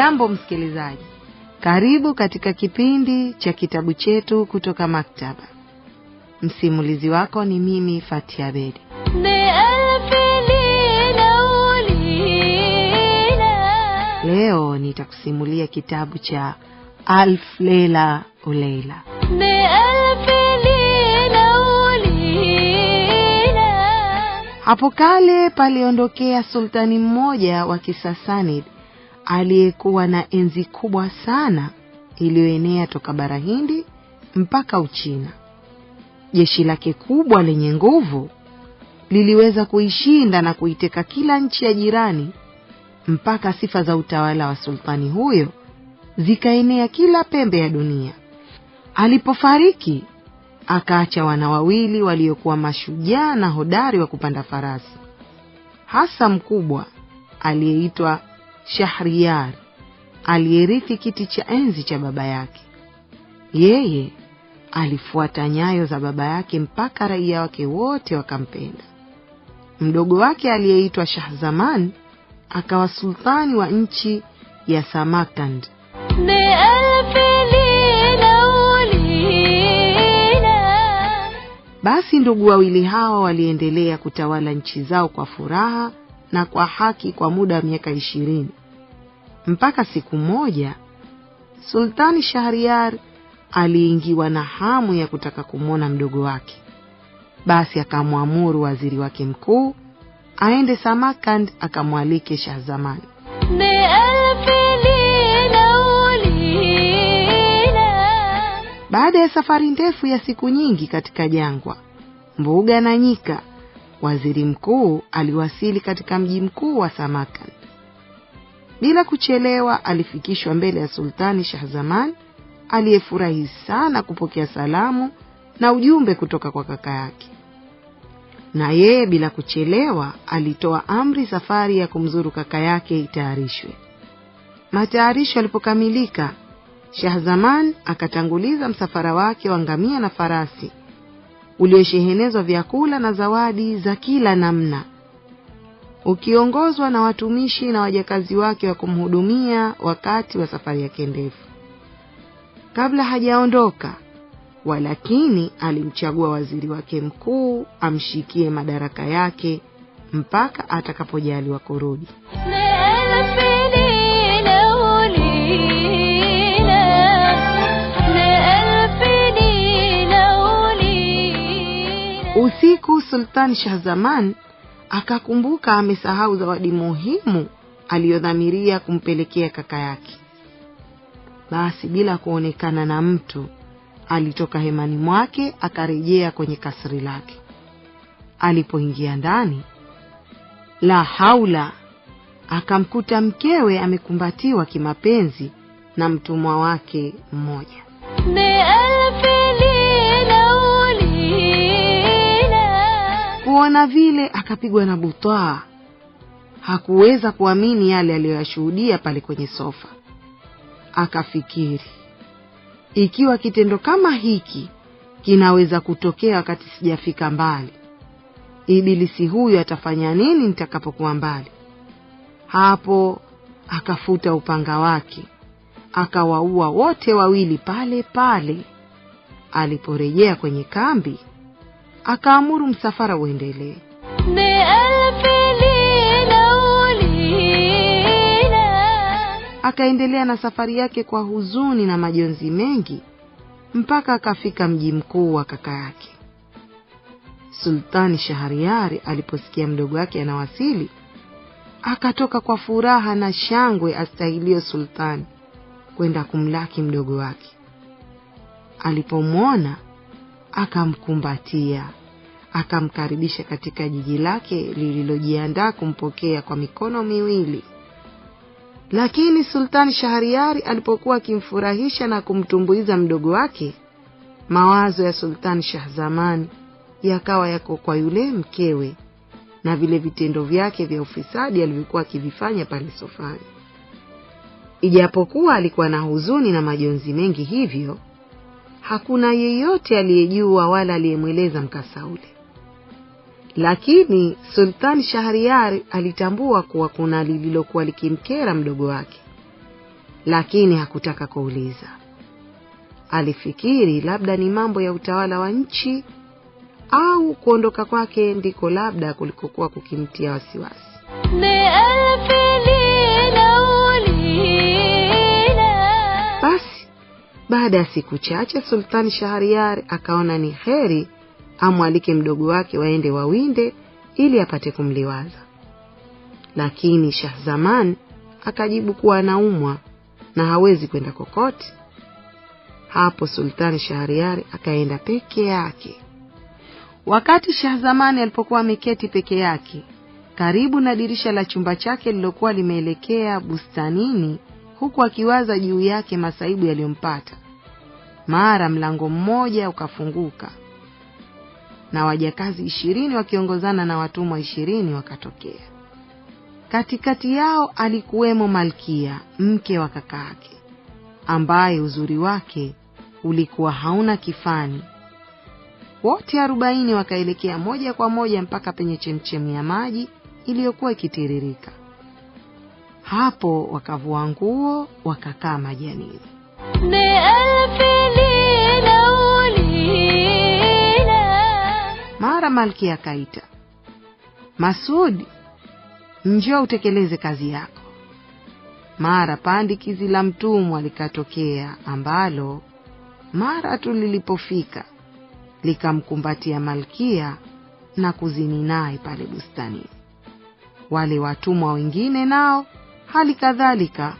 Hujambo msikilizaji, karibu katika kipindi cha kitabu chetu kutoka maktaba. Msimulizi wako ni mimi Fatia bedi Leo nitakusimulia kitabu cha alflela uleila Hapo kale paliondokea sultani mmoja wa Kisasanid aliyekuwa na enzi kubwa sana iliyoenea toka bara Hindi mpaka Uchina. Jeshi lake kubwa lenye nguvu liliweza kuishinda na kuiteka kila nchi ya jirani mpaka sifa za utawala wa sultani huyo zikaenea kila pembe ya dunia. Alipofariki akaacha wana wawili waliokuwa mashujaa na hodari wa kupanda farasi, hasa mkubwa aliyeitwa shahriyar aliyerithi kiti cha enzi cha baba yake. Yeye alifuata nyayo za baba yake mpaka raia wake wote wakampenda. Mdogo wake aliyeitwa Shahzaman akawa sultani wa nchi ya Samarkand. Basi ndugu wawili hawa waliendelea kutawala nchi zao kwa furaha na kwa haki kwa muda wa miaka ishirini mpaka siku moja Sultani Shahriar aliingiwa na hamu ya kutaka kumwona mdogo wake. Basi akamwamuru waziri wake mkuu aende Samarkand akamwalike Shahzamani. Baada ya safari ndefu ya siku nyingi katika jangwa, mbuga na nyika, waziri mkuu aliwasili katika mji mkuu wa Samarkand. Bila kuchelewa alifikishwa mbele ya Sultani Shahzaman aliyefurahi sana kupokea salamu na ujumbe kutoka kwa kaka yake. Na yeye bila kuchelewa alitoa amri safari ya kumzuru kaka yake itayarishwe. Matayarisho yalipokamilika, Shahzaman akatanguliza msafara wake wa ngamia na farasi uliyoshehenezwa vyakula na zawadi za kila namna ukiongozwa na watumishi na wajakazi wake wa kumhudumia wakati wa safari yake ndefu. Kabla hajaondoka, walakini alimchagua waziri wake mkuu amshikie madaraka yake mpaka atakapojaliwa kurudi. Usiku Sultan Shahzaman akakumbuka amesahau zawadi muhimu aliyodhamiria kumpelekea kaka yake. Basi bila kuonekana na mtu, alitoka hemani mwake akarejea kwenye kasri lake. Alipoingia ndani, la haula, akamkuta mkewe amekumbatiwa kimapenzi na mtumwa wake mmoja. Kuona vile akapigwa na butwaa. Hakuweza kuamini yale aliyoyashuhudia pale kwenye sofa. Akafikiri, ikiwa kitendo kama hiki kinaweza kutokea wakati sijafika mbali, ibilisi huyu atafanya nini nitakapokuwa mbali? Hapo akafuta upanga wake akawaua wote wawili pale pale. Aliporejea kwenye kambi akaamuru msafara uendelee. Akaendelea na safari yake kwa huzuni na majonzi mengi mpaka akafika mji mkuu wa kaka yake Sultani Shahariari. Aliposikia mdogo wake anawasili, akatoka kwa furaha na shangwe astahilio sultani kwenda kumlaki mdogo wake. Alipomwona akamkumbatia, akamkaribisha katika jiji lake lililojiandaa kumpokea kwa mikono miwili. Lakini Sultani Shahariari alipokuwa akimfurahisha na kumtumbuiza mdogo wake, mawazo ya Sultani Shahzamani yakawa yako kwa yule mkewe na vile vitendo vyake vya ufisadi alivyokuwa akivifanya pale sofani. Ijapokuwa alikuwa na huzuni na majonzi mengi hivyo hakuna yeyote aliyejua wala aliyemweleza mkasa ule. Lakini Sultani Shahriari alitambua kuwa kuna lililokuwa likimkera mdogo wake, lakini hakutaka kuuliza. Alifikiri labda ni mambo ya utawala wa nchi au kuondoka kwake ndiko labda kulikokuwa kukimtia wasiwasi. Baada ya siku chache, Sultani Shahriar akaona ni heri amwalike mdogo wake waende wawinde ili apate kumliwaza, lakini Shahzaman akajibu kuwa anaumwa na hawezi kwenda kokote. Hapo Sultani Shahriar akaenda peke yake. Wakati Shahzamani alipokuwa ameketi peke yake karibu na dirisha la chumba chake lilokuwa limeelekea bustanini, huku akiwaza juu yake masaibu yaliyompata. Mara mlango mmoja ukafunguka na wajakazi ishirini wakiongozana na watumwa ishirini wakatokea. Katikati yao alikuwemo Malkia, mke wa kaka yake, ambaye uzuri wake ulikuwa hauna kifani. Wote arobaini wakaelekea moja kwa moja mpaka penye chemchemu ya maji iliyokuwa ikitiririka. Hapo wakavua nguo wakakaa majanini. Mara malkia akaita, Masudi, njoo utekeleze kazi yako. Mara pandikizi la mtumwa likatokea, ambalo mara tu lilipofika likamkumbatia malkia na kuzini naye pale bustanini. Wale watumwa wengine nao Hali kadhalika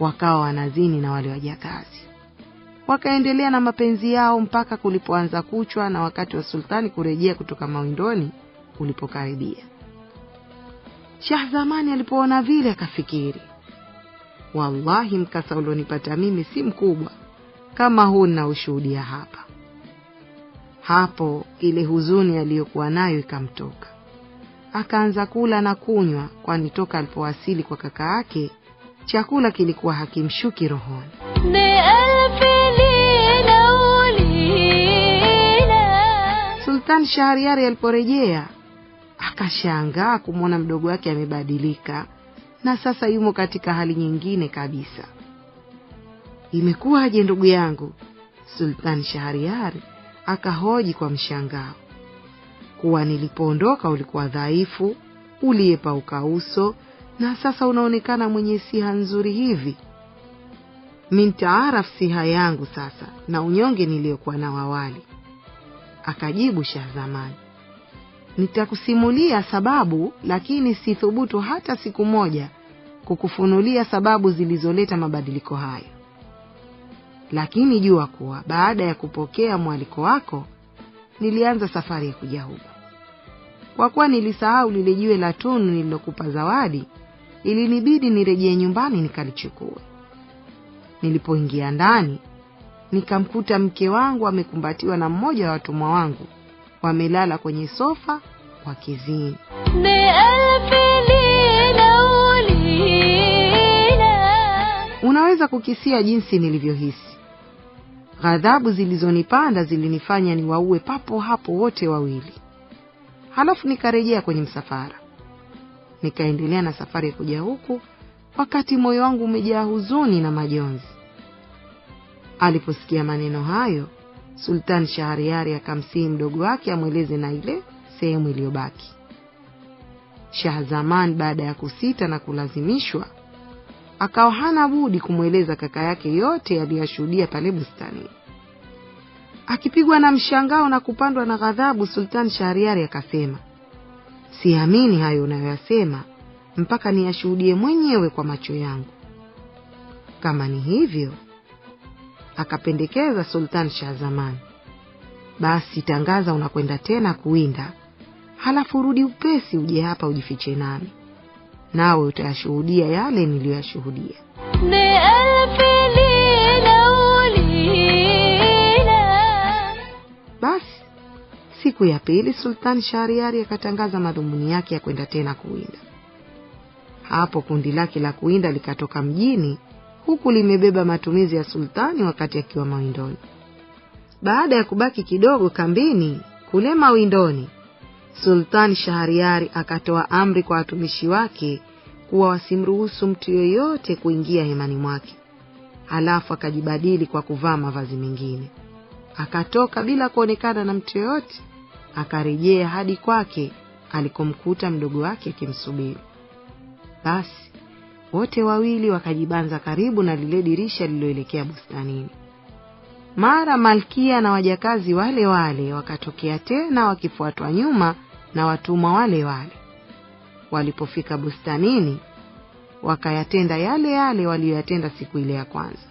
wakawa wanazini na wale wajakazi, wakaendelea na mapenzi yao mpaka kulipoanza kuchwa na wakati wa sultani kurejea kutoka mawindoni ulipokaribia. Shahzamani alipoona vile akafikiri, wallahi, mkasa ulionipata mimi si mkubwa kama huu ninaoshuhudia hapa. Hapo ile huzuni aliyokuwa nayo ikamtoka, akaanza kula na kunywa, kwani toka alipowasili kwa kaka yake chakula kilikuwa hakimshuki rohoni. Sultan Shahriari aliporejea akashangaa kumwona mdogo wake amebadilika na sasa yumo katika hali nyingine kabisa. Imekuwaje ndugu yangu? Sultan Shahriari akahoji kwa mshangao kuwa nilipoondoka ulikuwa dhaifu, uliyepauka uso, na sasa unaonekana mwenye siha nzuri hivi. mintaarafu siha yangu sasa na unyonge niliyokuwa nao awali. Akajibu Shahzamani, nitakusimulia sababu, lakini sithubutu hata siku moja kukufunulia sababu zilizoleta mabadiliko hayo. Lakini jua kuwa baada ya kupokea mwaliko wako nilianza safari ya kuja huku. Kwa kuwa nilisahau lile jiwe la tunu nililokupa zawadi, ilinibidi nirejee nyumbani nikalichukue. Nilipoingia ndani, nikamkuta mke wangu amekumbatiwa na mmoja wa watumwa wangu, wamelala kwenye sofa wakizini. Unaweza kukisia jinsi nilivyohisi. Ghadhabu zilizonipanda zilinifanya niwaue papo hapo wote wawili, halafu nikarejea kwenye msafara. Nikaendelea na safari ya kuja huku, wakati moyo wangu umejaa huzuni na majonzi. Aliposikia maneno hayo, Sultan Shahariari akamsihi mdogo wake amweleze na ile sehemu iliyobaki. Shahzaman baada ya kusita na kulazimishwa akawa hana budi kumweleza kaka yake yote aliyoyashuhudia pale bustani. Akipigwa na mshangao na kupandwa na ghadhabu, Sultani Shahriari akasema, siamini hayo unayoyasema mpaka niyashuhudie mwenyewe kwa macho yangu. Kama ni hivyo, akapendekeza Sultani Shah basi tangaza unakwenda tena kuwinda, halafu rudi upesi uje hapa ujifiche nami nawe utayashuhudia yale niliyoyashuhudia. Basi siku ya pili Sultani Shahriari akatangaza madhumuni yake ya kwenda tena kuwinda. Hapo kundi lake la kuwinda likatoka mjini huku limebeba matumizi ya sultani wakati akiwa mawindoni. Baada ya kubaki kidogo kambini kule mawindoni, Sultani Shahariari akatoa amri kwa watumishi wake kuwa wasimruhusu mtu yoyote kuingia hemani mwake. Halafu akajibadili kwa kuvaa mavazi mengine, akatoka bila kuonekana na mtu yoyote, akarejea hadi kwake alikomkuta mdogo wake akimsubiri. Basi wote wawili wakajibanza karibu na lile dirisha lililoelekea bustanini. Mara malkia na wajakazi wale wale wakatokea tena wakifuatwa nyuma na watumwa wale wale. Walipofika bustanini, wakayatenda yale yale waliyoyatenda siku ile ya kwanza.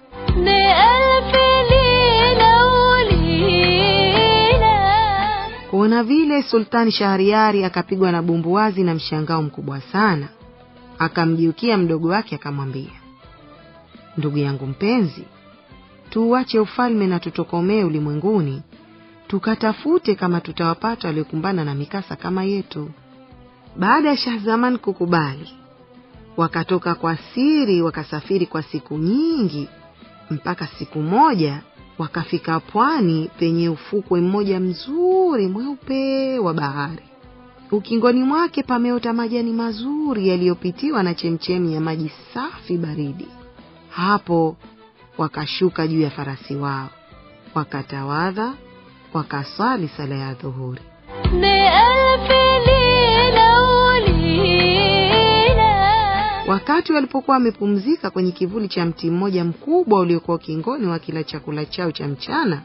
Kuona vile, Sultani Shahriari akapigwa na wazi na mshangao mkubwa sana. akamjiukia mdogo wake akamwambia, ndugu yangu mpenzi, tuuache ufalme na tutokomee ulimwenguni tukatafute kama tutawapata waliokumbana na mikasa kama yetu. Baada ya Shahzaman kukubali, wakatoka kwa siri, wakasafiri kwa siku nyingi, mpaka siku moja wakafika pwani penye ufukwe mmoja mzuri mweupe wa bahari. Ukingoni mwake pameota majani mazuri yaliyopitiwa na chemchemi ya maji safi baridi. Hapo wakashuka juu ya farasi wao, wakatawadha wakaswali sala ya dhuhuri. Wakati walipokuwa wamepumzika kwenye kivuli cha mti mmoja mkubwa uliokuwa ukingoni wa kila chakula chao cha mchana,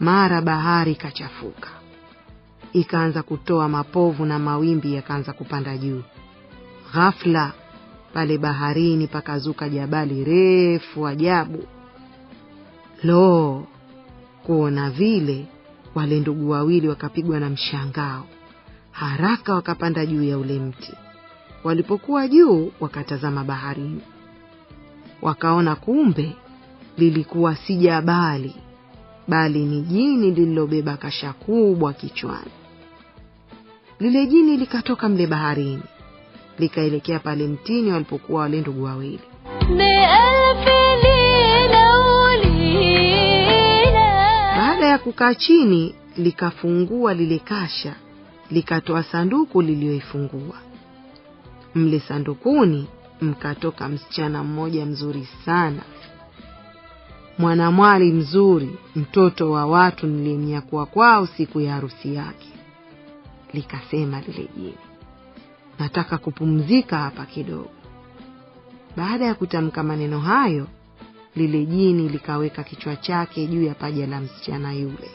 mara bahari ikachafuka, ikaanza kutoa mapovu na mawimbi yakaanza kupanda juu. Ghafla pale baharini pakazuka jabali refu ajabu. Lo, Kuona vile wale ndugu wawili wakapigwa na mshangao, haraka wakapanda juu ya ule mti. Walipokuwa juu, wakatazama baharini, wakaona kumbe lilikuwa si jabali, bali ni jini lililobeba kasha kubwa kichwani. Lile jini likatoka mle baharini likaelekea pale mtini walipokuwa wale ndugu wawili. kukaa chini, likafungua lile kasha, likatoa sanduku liliyoifungua. Mle sandukuni mkatoka msichana mmoja mzuri sana, mwanamwali mzuri, mtoto wa watu niliyemnyakua kwao siku ya harusi yake. Likasema lile jini, nataka kupumzika hapa kidogo. Baada ya kutamka maneno hayo lile jini likaweka kichwa chake juu ya paja la msichana yule,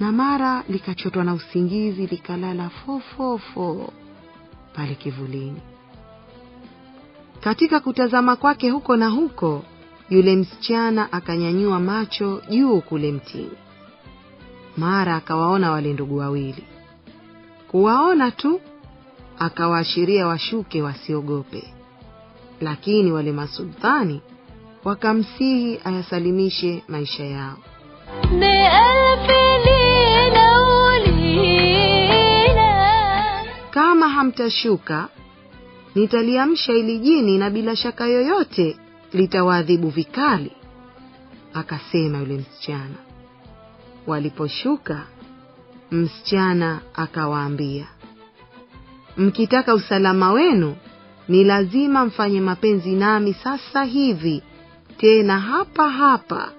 na mara likachotwa na usingizi likalala fofofo pale kivulini. Katika kutazama kwake huko na huko, yule msichana akanyanyua macho juu kule mtini, mara akawaona wale ndugu wawili. Kuwaona tu akawaashiria washuke, wasiogope, lakini wale masultani wakamsihi ayasalimishe maisha yao. Kama hamtashuka nitaliamsha ili jini, na bila shaka yoyote litawaadhibu vikali, akasema yule msichana. Waliposhuka, msichana akawaambia, mkitaka usalama wenu ni lazima mfanye mapenzi nami sasa hivi, tena hapa hapa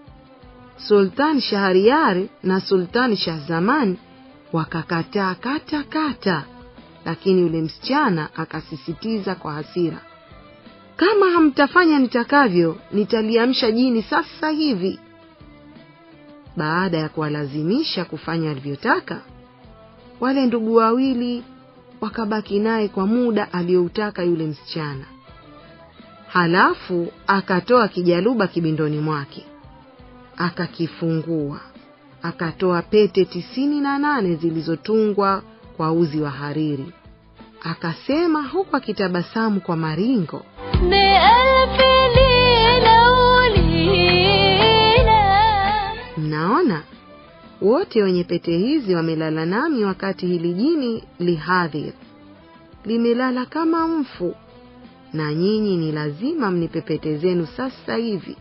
Sultan Shahriar na Sultan Shahzaman wakakataa kata kata, lakini yule msichana akasisitiza kwa hasira, kama hamtafanya nitakavyo, nitaliamsha jini sasa hivi. Baada ya kuwalazimisha kufanya alivyotaka, wale ndugu wawili wakabaki naye kwa muda aliyoutaka yule msichana halafu akatoa kijaluba kibindoni mwake akakifungua, akatoa pete tisini na nane zilizotungwa kwa uzi wa hariri, akasema huku akitabasamu kwa maringo, mnaona wote wenye pete hizi wamelala nami wakati hili jini lihadhir limelala kama mfu na nyinyi ni lazima mnipe pete zenu sasa hivi.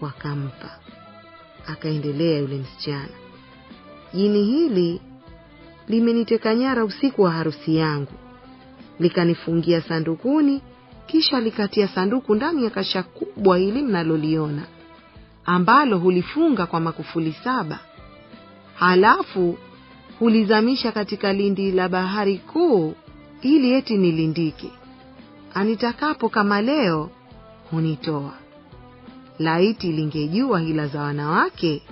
Wakampa. Akaendelea yule msichana, jini hili limeniteka nyara usiku wa harusi yangu, likanifungia sandukuni, kisha likatia sanduku ndani ya kasha kubwa hili mnaloliona, ambalo hulifunga kwa makufuli saba, halafu hulizamisha katika lindi la bahari kuu ili eti nilindike anitakapo kama leo hunitoa. Laiti lingejua hila za wanawake!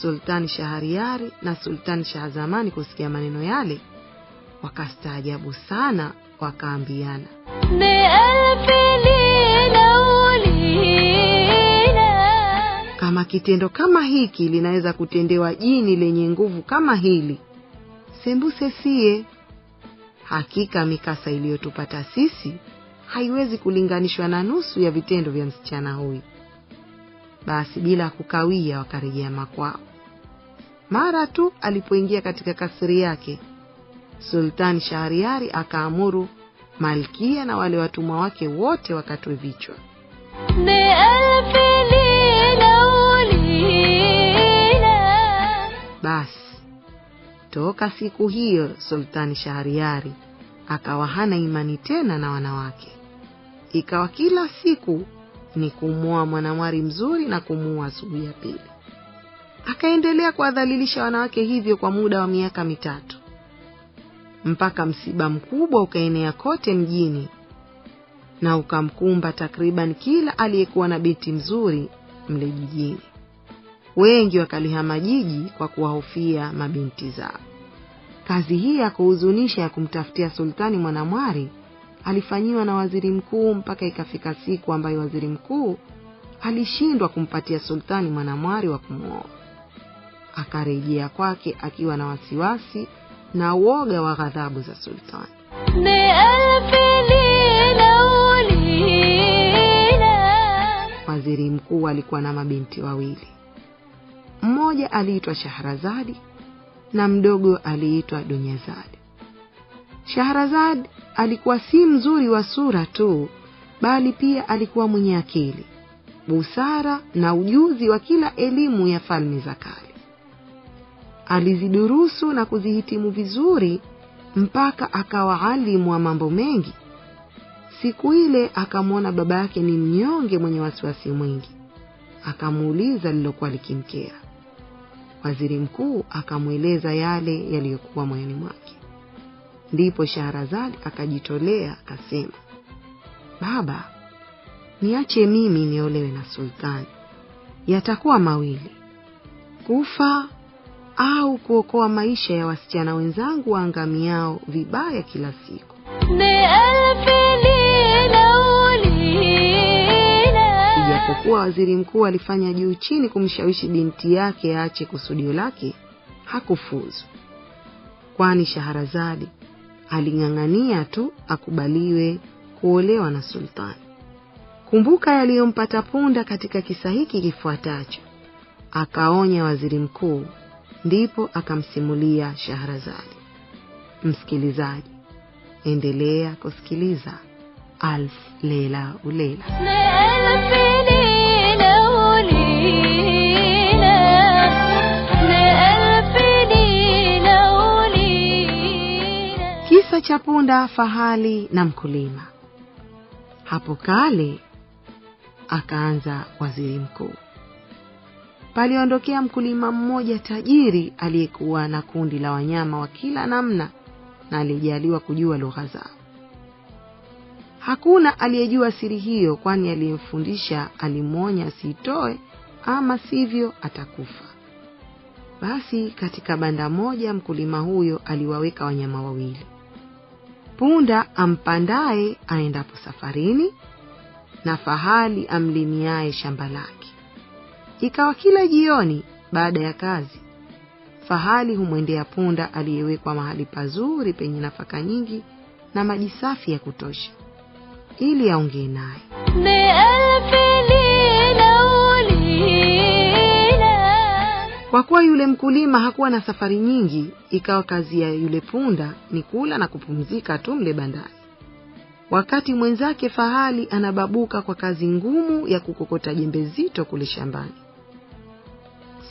Sultani Shahariari na Sultani Shahazamani kusikia maneno yale wakastaajabu sana, wakaambiana kama kitendo kama hiki linaweza kutendewa jini lenye nguvu kama hili, sembuse sie, hakika mikasa iliyotupata sisi haiwezi kulinganishwa na nusu ya vitendo vya msichana huyu. Basi bila kukawia, wakarejea makwao. Mara tu alipoingia katika kasri yake, Sultani Shahriari akaamuru malkia na wale watumwa wake wote wakatwe vichwa. Basi toka siku hiyo Sultani Shahriari akawa hana imani tena na wanawake ikawa kila siku ni kumwoa mwanamwari mzuri na kumuua asubuhi ya pili. Akaendelea kuwadhalilisha wanawake hivyo kwa muda wa miaka mitatu, mpaka msiba mkubwa ukaenea kote mjini na ukamkumba takriban kila aliyekuwa na binti mzuri mle jijini. Wengi wakalihama jiji kwa kuwahofia mabinti zao. Kazi hii ya kuhuzunisha ya kumtafutia sultani mwanamwari alifanyiwa na waziri mkuu mpaka ikafika siku ambayo waziri mkuu alishindwa kumpatia sultani mwanamwari wa kumwoa. Akarejea kwake akiwa na wasiwasi na uoga wa ghadhabu za sultani. Waziri mkuu alikuwa na mabinti wawili, mmoja aliitwa Shahrazadi na mdogo aliitwa Dunyazadi. Shahrazadi Alikuwa si mzuri wa sura tu, bali pia alikuwa mwenye akili, busara na ujuzi wa kila elimu ya falme za kale. Alizidurusu na kuzihitimu vizuri mpaka akawa alimu wa mambo mengi. Siku ile akamwona baba yake ni mnyonge mwenye wasiwasi mwingi, akamuuliza lilokuwa likimkera. Waziri mkuu akamweleza yale yaliyokuwa moyoni mwake. Ndipo Shahrazad akajitolea akasema, baba, niache mimi niolewe na sultani, yatakuwa mawili, kufa au kuokoa maisha ya wasichana wenzangu waangamiao vibaya kila siku. Ijapokuwa waziri mkuu alifanya juu chini kumshawishi binti yake aache kusudio lake, hakufuzu, kwani Shaharazadi aling'ang'ania tu akubaliwe kuolewa na sultani. Kumbuka yaliyompata punda katika kisa hiki kifuatacho, akaonya waziri mkuu, ndipo akamsimulia Shahrazadi. Msikilizaji, endelea kusikiliza Alfu Lela u Lela. Kisa cha punda, fahali na mkulima. Hapo kale, akaanza waziri mkuu. Paliondokea mkulima mmoja tajiri aliyekuwa na kundi la wanyama wa kila namna na alijaliwa kujua lugha zao. Hakuna aliyejua siri hiyo, kwani aliyemfundisha alimwonya asiitoe, ama sivyo atakufa. Basi katika banda moja mkulima huyo aliwaweka wanyama wawili punda ampandaye aendapo safarini na fahali amliniaye shamba lake. Ikawa kila jioni baada ya kazi, fahali humwendea punda aliyewekwa mahali pazuri penye nafaka nyingi na maji safi ya kutosha, ili aongee naye. Kwa kuwa yule mkulima hakuwa na safari nyingi, ikawa kazi ya yule punda ni kula na kupumzika tu mle bandani, wakati mwenzake fahali anababuka kwa kazi ngumu ya kukokota jembe zito kule shambani.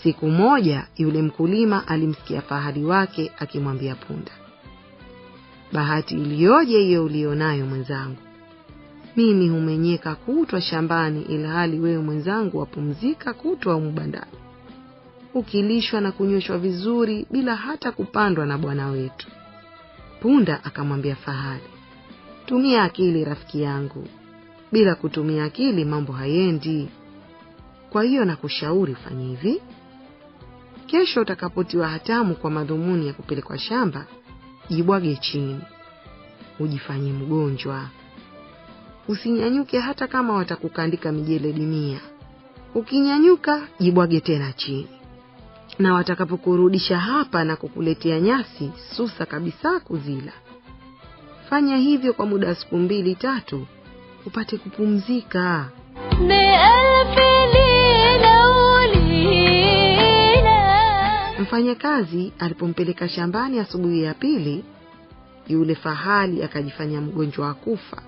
Siku moja yule mkulima alimsikia fahali wake akimwambia punda, bahati iliyoje hiyo ulionayo mwenzangu! Mimi humenyeka kutwa shambani, ilhali wewe mwenzangu wapumzika kutwa humu ukilishwa na kunyweshwa vizuri bila hata kupandwa na bwana wetu. Punda akamwambia fahali, tumia akili rafiki yangu, bila kutumia akili mambo hayendi. Kwa hiyo nakushauri fanye hivi: kesho utakapotiwa hatamu kwa madhumuni ya kupelekwa shamba, jibwage chini, ujifanye mgonjwa, usinyanyuke hata kama watakukandika mijeledi mia. Ukinyanyuka jibwage tena chini na watakapokurudisha hapa na kukuletea nyasi susa kabisa kuzila. Fanya hivyo kwa muda wa siku mbili tatu, upate kupumzika. Mfanyakazi alipompeleka shambani asubuhi ya pili, yule fahali akajifanya mgonjwa wa kufa,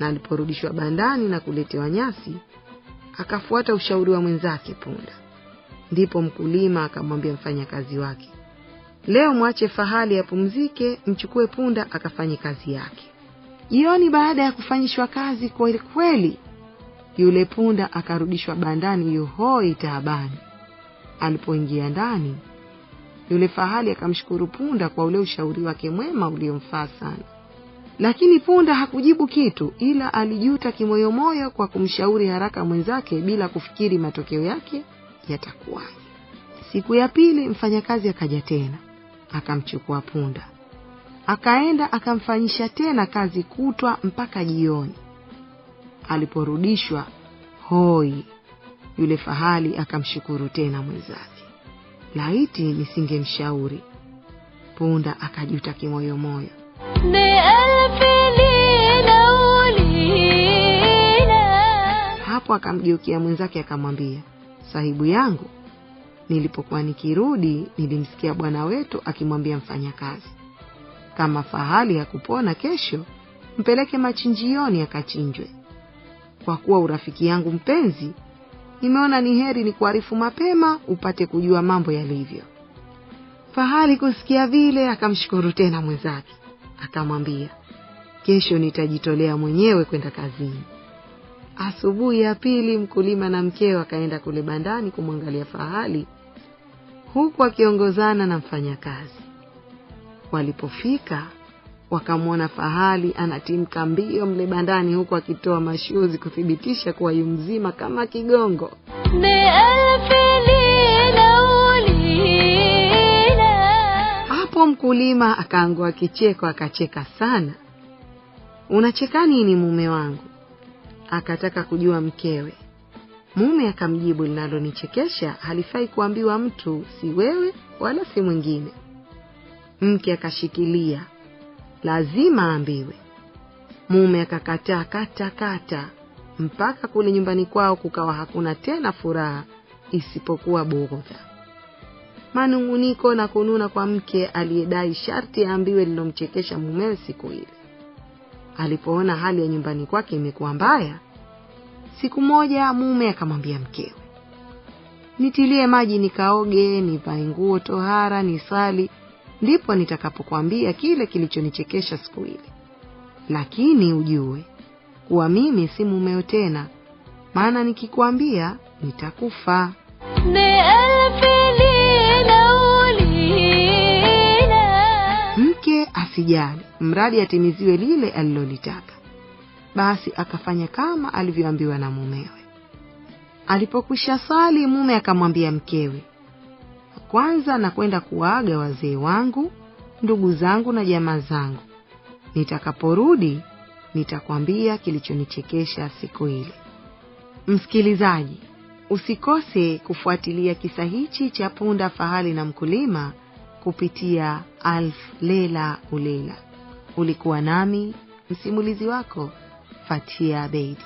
na aliporudishwa bandani na kuletewa nyasi, akafuata ushauri wa mwenzake punda. Ndipo mkulima akamwambia mfanyakazi wake, leo mwache fahali apumzike, mchukue punda akafanye kazi yake. Jioni baada ya kufanyishwa kazi kweli kweli, yule punda akarudishwa bandani yohoi taabani. Alipoingia ndani, yule fahali akamshukuru punda kwa ule ushauri wake mwema uliomfaa sana, lakini punda hakujibu kitu, ila alijuta kimoyomoyo kwa kumshauri haraka mwenzake bila kufikiri matokeo yake yatakuwa. Siku ya pili mfanyakazi akaja tena akamchukua punda, akaenda akamfanyisha tena kazi kutwa mpaka jioni. Aliporudishwa hoi, yule fahali akamshukuru tena mwenzake, laiti nisingemshauri. Punda akajuta kimoyomoyo. Hapo akamgeukia mwenzake akamwambia sahibu yangu. Nilipokuwa nikirudi, nilimsikia bwana wetu akimwambia mfanyakazi, kama fahali ya kupona kesho, mpeleke machinjioni akachinjwe. Kwa kuwa urafiki yangu mpenzi, nimeona ni heri ni kuharifu mapema, upate kujua mambo yalivyo. Fahali kusikia vile, akamshukuru tena mwenzake, akamwambia, kesho nitajitolea mwenyewe kwenda kazini. Asubuhi ya pili mkulima na mkeo akaenda kule bandani kumwangalia fahali, huku akiongozana na mfanyakazi. Walipofika wakamwona fahali anatimka mbio mle bandani, huku akitoa mashuzi kuthibitisha kuwa yu mzima kama kigongo. Hapo mkulima akaangua kicheko, akacheka sana. Unacheka nini mume wangu? akataka kujua mkewe. Mume akamjibu, linalonichekesha halifai kuambiwa mtu, si wewe wala si mwingine. Mke akashikilia, lazima aambiwe. Mume akakataa kata kata mpaka kule nyumbani kwao kukawa hakuna tena furaha isipokuwa bugudha, manunguniko na kununa kwa mke aliyedai sharti aambiwe lilomchekesha mumewe siku ile. Alipoona hali ya nyumbani kwake imekuwa mbaya, siku moja mume akamwambia mkewe, nitilie maji nikaoge, nivae nguo tohara, nisali, ndipo nitakapokuambia kile kilichonichekesha siku ile. Lakini ujue kuwa mimi si mumeo tena, maana nikikuambia nitakufa. kijana, mradi atimiziwe lile alilolitaka. Basi akafanya kama alivyoambiwa na mumewe. Alipokwisha sali, mume akamwambia mkewe, kwanza nakwenda kuwaaga wazee wangu, ndugu zangu na jamaa zangu. Nitakaporudi nitakwambia kilichonichekesha siku ile. Msikilizaji, usikose kufuatilia kisa hichi cha punda, fahali na mkulima kupitia Alf Lela Ulela. Ulikuwa nami msimulizi wako Fatia Beidi.